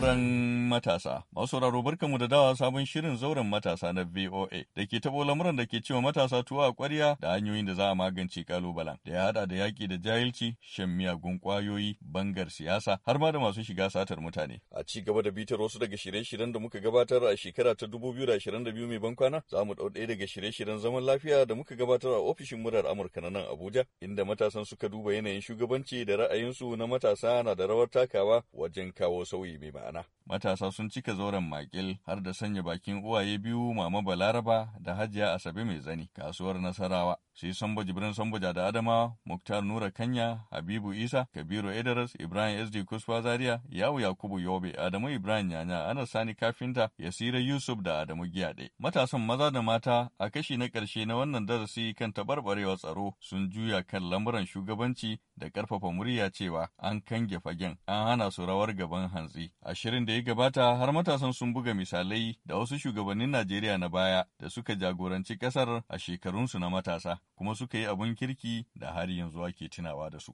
Zauren matasa. Masu sauraro mu da dawa sabon shirin zauren matasa na VOA da ke tabo lamuran da ke cewa matasa tuwa a kwarya da hanyoyin da za a magance kalubalen da ya hada da yaƙi da jahilci, shan miyagun kwayoyi, bangar siyasa har ma da masu shiga satar mutane. A ci gaba da bitar wasu daga shirye-shiryen da muka gabatar a shekara ta biyu mai kwana za mu ɗau ɗaya daga shirye-shiryen zaman lafiya da muka gabatar a ofishin murar Amurka na nan Abuja inda matasan suka duba yanayin shugabanci da ra'ayinsu na matasa na da rawar takawa wajen kawo sauyi mai ma'ana. Matasa sun cika zauren makil har da sanya bakin uwaye biyu mama balaraba da hajiya asabe mai zani kasuwar nasarawa. Sai Sambo Jibrin Sambuja da Adama, Muktar Nura Kanya, Habibu Isa, Kabiru Edaras, Ibrahim SD Kuswa Zaria, Yawu Yakubu Yobe, Adamu Ibrahim Yanya, Anas Sani Kafinta, Yasira Yusuf da Adamu Giyade. Matasan maza da mata a kashi na ƙarshe na wannan darasi kan taɓarɓarewar tsaro sun juya kan lamuran shugabanci da ƙarfafa murya cewa an kange fagen, an hana su rawar gaban hanzi. A ashirin da ya gabata har matasan sun buga misalai da wasu shugabannin Najeriya na baya da suka jagoranci ƙasar a shekarunsu na matasa kuma suka yi abun kirki da har yanzu ake tunawa da su.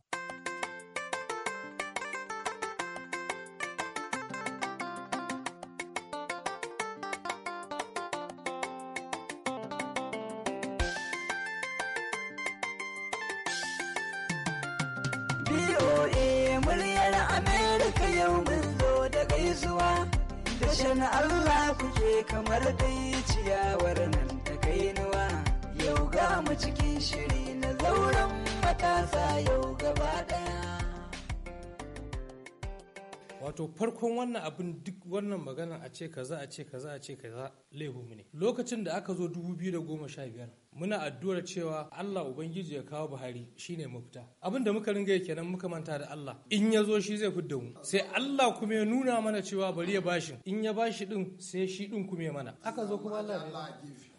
Hashin Allah kuke kamar dai ciyawar nan ta kai nuwa. yau ga mu cikin shiri na zauren matasa yau gaba ɗaya. wato farkon wannan abin duk wannan magana a ce kaza a ce kaza a ce kaza laifinmu ne lokacin da aka zo biyar, muna addu'ar cewa Allah ubangiji ya kawo Buhari shine mafita abin da muka ringa kenan muka manta da Allah in ya zo shi zai fidda mu sai Allah kuma ya nuna mana cewa bari ya bashi in ya bashi din sai shi din kuma ya mana aka zo kuma Allah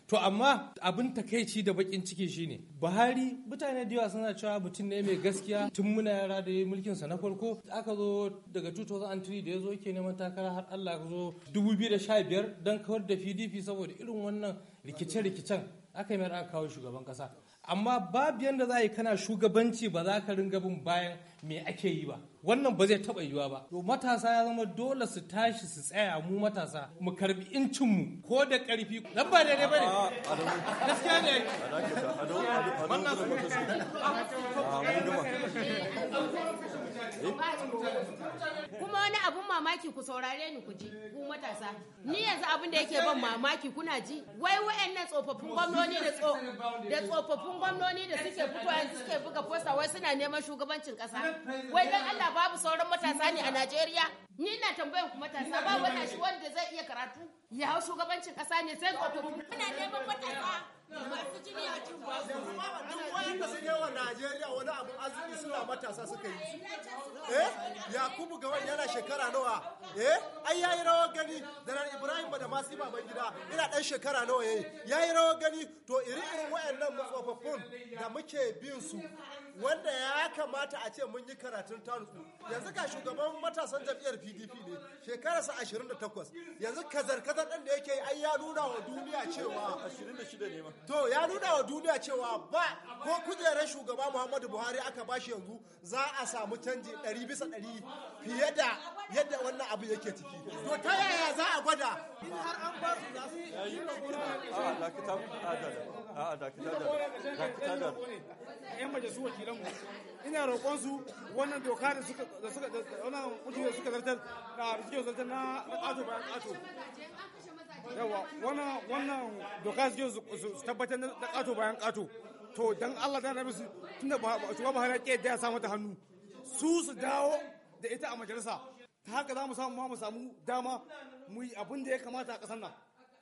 To amma abin takaici da bakin ciki shine Buhari mutane da yawa suna cewa mutum ne mai gaskiya tun muna yara da mulkin sa na farko aka zo daga 2003 da ya zo yake neman takara har Allah ya zo 2015 dan kawar da PDP saboda irin wannan rikice-rikicen aka yi mayar aka kawo shugaban kasa. amma babu yadda za a yi kana shugabanci ba za ka ringa bin bayan me ake yi ba wannan ba zai taba yiwa ba to matasa ya zama dole su tashi su tsaya mu matasa mu karbi incin mu ko da karfi nan ba daidai bane gaskiya ne wannan mamaki ku saurare ni ku ji ku matasa ni yanzu abin da yake ban mamaki kuna ji wai wayannan tsofaffin gwamnoni da tso da tsofaffin gwamnoni da suke fito yanzu suke buga posta wai suna neman shugabancin kasa wai dan Allah babu sauran matasa ne a Najeriya ni na tambayar ku matasa ba wata shi wanda zai iya karatu ya hau shugabancin kasa ne sai tsofaffin kuna neman matasa masu yawan Najeriya wani abu arziki suna matasa suka yi Yakubu ga wani yana shekara nawa eh ai yayi rawa gani da ran Ibrahim da masu baban gida ina dan shekara nawa yayi eh, yayi rawa gani to iri irin wayannan mutsofaffin da muke bin su wanda ya kamata a ce mun yi karatun taruku yanzu ga shugaban matasan jam'iyyar PDP ne shekararsa 28 yanzu kazar kazar ɗan da yake ai ya nuna wa duniya cewa 26 ne ma to ya nuna wa duniya cewa ba ko kujerar shugaba muhammadu buhari aka bashi yanzu za a samu canji ɗari bisa ɗari fiye da yadda wannan abu yake ciki to ta yaya za a gwada in har an ba su za su yi ina roƙon su wannan doka da suka da suka da wannan kujerar suka zartar na ato. ba ato yawa wannan wannan doka suke su tabbatar da kato bayan kato to dan Allah da nabi su tunda shugaba Buhari ke da ya samu ta hannu su su dawo da ita a majalisa ta haka za mu samu mu samu dama mu yi abin da ya kamata a ƙasar nan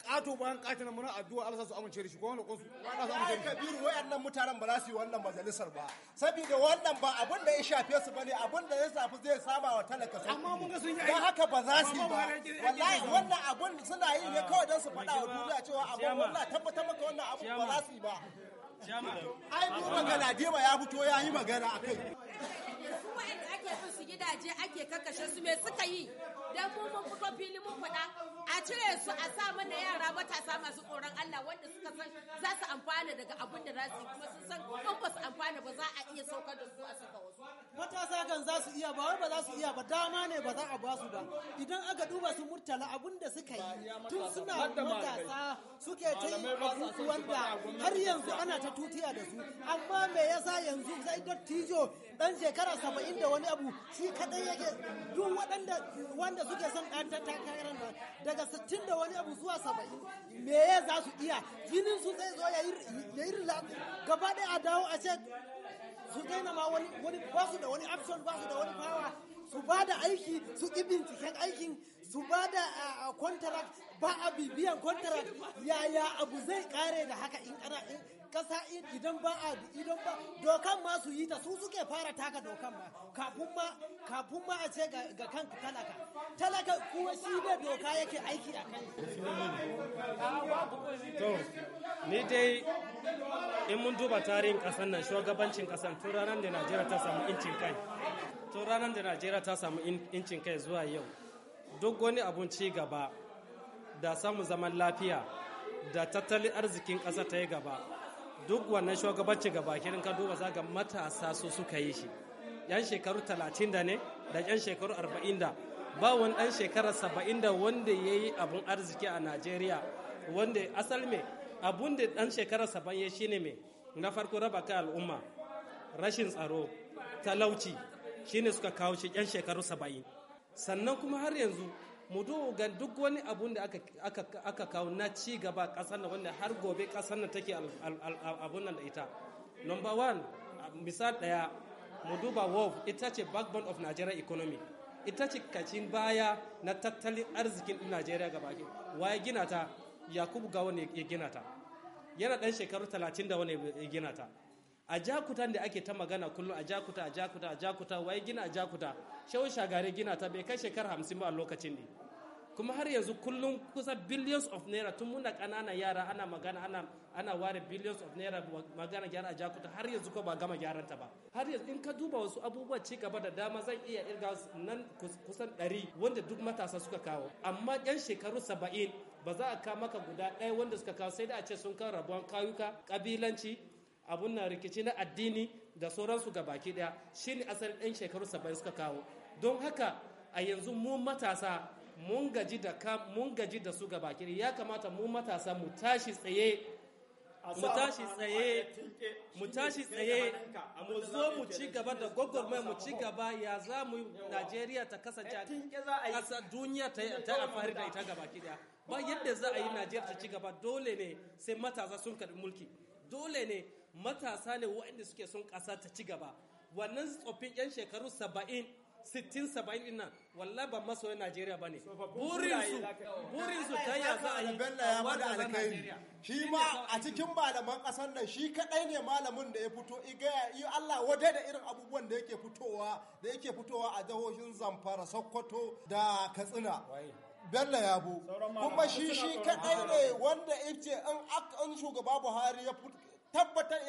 kato bayan kato na muna addu'a Allah su amince da shi ko wannan kunsu Allah su amince da kabiru wayannan mutanen ba za su yi wannan majalisar ba saboda wannan ba abin da ya shafe su bane abin da ya shafi zai saba wa talaka sai amma mun ga sun yi dan haka ba za su yi ba wallahi wannan abun suna yi ne kawai dan su faɗa wa duniya cewa abin wallahi tabbata maka wannan abun ba za su yi ba ai mu magana ya fito ya yi magana akai ake bin su gidaje ake kakashe su me suka yi dan mu mun fito fili mun fada a cire su a sa mana yara matasa masu tsoron Allah wanda suka san za su amfana daga abin da za su yi kuma sun san in ba su amfana ba za a iya saukar da su a saka wasu matasa kan za su iya ba wai ba za su iya ba dama ne ba za a ba su ba idan aka duba su murtala abun da suka yi tun suna matasa suke ta yi abubuwan da har yanzu ana ta tutiya da su amma me yasa yanzu sai dattijo dan shekara saba'in da wani abu shi kadai yake duk waɗanda wanda suke son ɗan ta takarar nan daga sittin da wani abu zuwa saba'in me ya za su iya jinin su zai zo ya yi gaba ɗaya a dawo a ce su daina ma wani wani ba su da wani option ba su da wani power su ba da aiki su ki binciken aikin su ba da ah, contract ba a bibiyan contract yaya abu zai kare da haka in ana in kasa idan ba a idan ba dokan ma su yi ta su suke fara taka dokan ma kafin ma kafin ma a ce ga kan talaka talaka kuma shi ne doka yake aiki a kai ni dai in mun duba tarihin kasan nan shugabancin kasan tun ranar da najeriya ta samu incin kai tun ranar da najeriya ta samu incin kai zuwa yau duk wani abun ci gaba da samun zaman lafiya da tattalin arzikin ƙasa ta yi gaba duk wannan shugabanci gaba kirin ka duba zaga matasa su suka yi shi yan shekaru talatin da ne da yan shekaru arba'in da ba wani dan shekara saba'in da wanda ya yi abun arziki a najeriya wanda asal me abun da dan shekara saban ya shine mai na farko raba ka al'umma rashin tsaro talauci shine suka kawo shi yan shekaru saba'in sannan kuma har yanzu mu ga duk wani abun da aka, kawo na ci gaba kasar na wanda har gobe kasar na take abun nan da ita number one misal daya mu duba wolf ita ce backbone of nigeria economy ita ce kacin baya na tattalin arzikin nigeria gaba waye gina ta yakubu ga wani ya gina ta yana dan shekaru talatin da wani ya gina ta a jakuta da ake ta magana kullum a jakuta a jakuta a jakuta wai gina a jakuta shawun shagari gina ta bai kai shekaru hamsin ba a lokacin ne kuma har yanzu kullum kusa billions of naira tun muna kanana yara ana magana ana ana ware billions of naira magana gyara a jakuta har yanzu ko ba gama gyaran ta ba har yanzu in ka duba wasu abubuwa ci gaba da dama zan iya irga nan kusan ɗari wanda duk matasa suka kawo amma yan shekaru saba'in ba za a kawo maka guda ɗaya wanda suka kawo sai da a ce sun kan rabuwan kayuka ƙabilanci abun na rikici na addini da sauransu ga baki ɗaya shine asalin ɗan shekaru saba'in suka kawo don haka a yanzu mu matasa mun gaji da su ga baki ya kamata mu matasa mu tashi tsaye mu tashi tsaye mu tashi tsaye mu zo mu ci gaba da gwagwarmaya mu ci gaba ya za mu Najeriya ta kasance eh, kasa duniya ta alfahari da ita gaba ki ba yadda za a yi Najeriya ta ci gaba dole ne sai matasa sun karbi mulki dole ne matasa ne waɗanda suke son ƙasa ta ci gaba wannan tsoffin 'yan shekaru 70 60-70 ina nan wallahi ban masoyan Najeriya ba ne burinsu barka da bello ya mada alkhairi shi ma a cikin malaman ƙasar nan shi kaɗai ne malamin da ya fito igaya yi Allah waje da irin abubuwan da yake fitowa da yake fitowa a jihohin Zamfara Sokoto da Katsina Bello ya bu kuma shi shi kadai ne wanda yace in shugaba Buhari ya tabbatar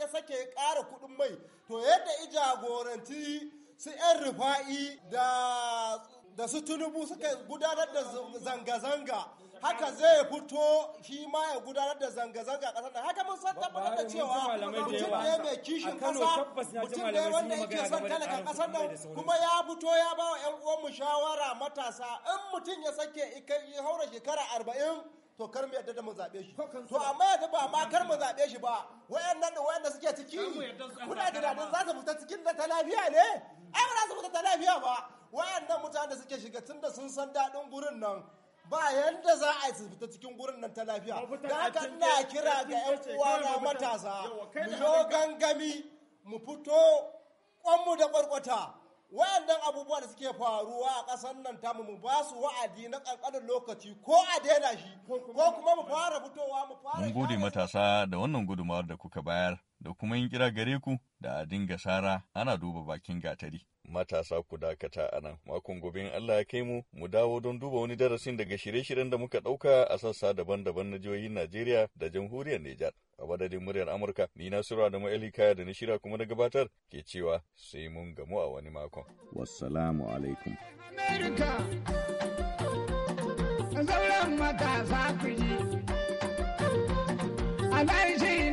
ya sake ƙara kuɗin mai to yadda i jagoranci su 'yan rufa'i da da su tunubu suka gudanar da zanga-zanga haka zai fito shi ma ya gudanar da zanga-zanga kasar da haka mun san tabbatar da cewa mutum ne mai kishin kasa mutum ne wanda yake son talaka kasar nan kuma ya fito ya ba wa 'yan uwanmu shawara matasa in mutum ya sake ya haura shekara arba'in to kar mu yadda da mu zabe shi to amma ya ba ma kar mu zabe shi ba wayannan da wayanda suke ciki kuna tunanin za su fita cikin da ta lafiya ne ai ba za su fita ta lafiya ba wayannan mutanen da suke shiga tunda sun san dadin gurin nan ba yadda za a yi fita cikin gurin nan ta lafiya da haka ina kira ga 'yan na matasa mu yo gangami mu fito kwanmu da kwarkwata wayannan abubuwa da suke faruwa a ƙasar nan tamu mu ba su wa'adi na ƙanƙanin lokaci ko a daina shi ko kuma mu fara fitowa mu fara mun gode matasa da wannan gudumawar da kuka bayar da kuma yin kira gare ku da a dinga sara ana duba bakin gatari matasa ku dakata a nan makon gobe in Allah ya kai mu mu dawo don duba wani darasin daga shirye-shiryen da muka ɗauka a sassa daban-daban na jihohin Najeriya da jamhuriyar Nijar a madadin muryar Amurka ni Nasiru Adamu kaya da na shira kuma na gabatar ke cewa sai mun gamu a wani makon. Wassalamu alaikum. Zauren